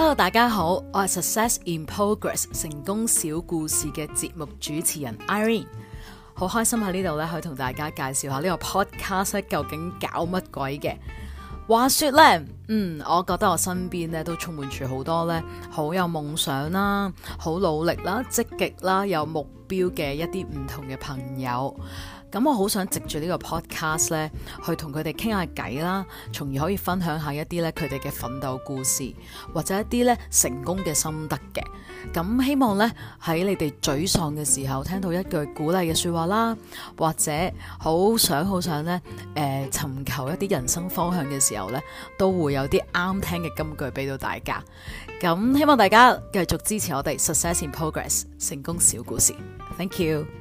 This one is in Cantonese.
Hello，大家好，我係 Success in Progress 成功小故事嘅節目主持人 Irene，好開心喺呢度咧，可以同大家介紹下呢個 podcast、啊、究竟搞乜鬼嘅。話說咧。嗯，我覺得我身邊咧都充滿住好多咧，好有夢想啦，好努力啦，積極啦，有目標嘅一啲唔同嘅朋友。咁我好想藉住呢個 podcast 咧，去同佢哋傾下偈啦，從而可以分享下一啲咧佢哋嘅奮鬥故事，或者一啲咧成功嘅心得嘅。咁希望咧喺你哋沮喪嘅時候聽到一句鼓勵嘅說話啦，或者好想好想咧誒尋求一啲人生方向嘅時候咧，都會有。有啲啱聽嘅金句俾到大家，咁希望大家繼續支持我哋 Success in Progress 成功小故事。Thank you。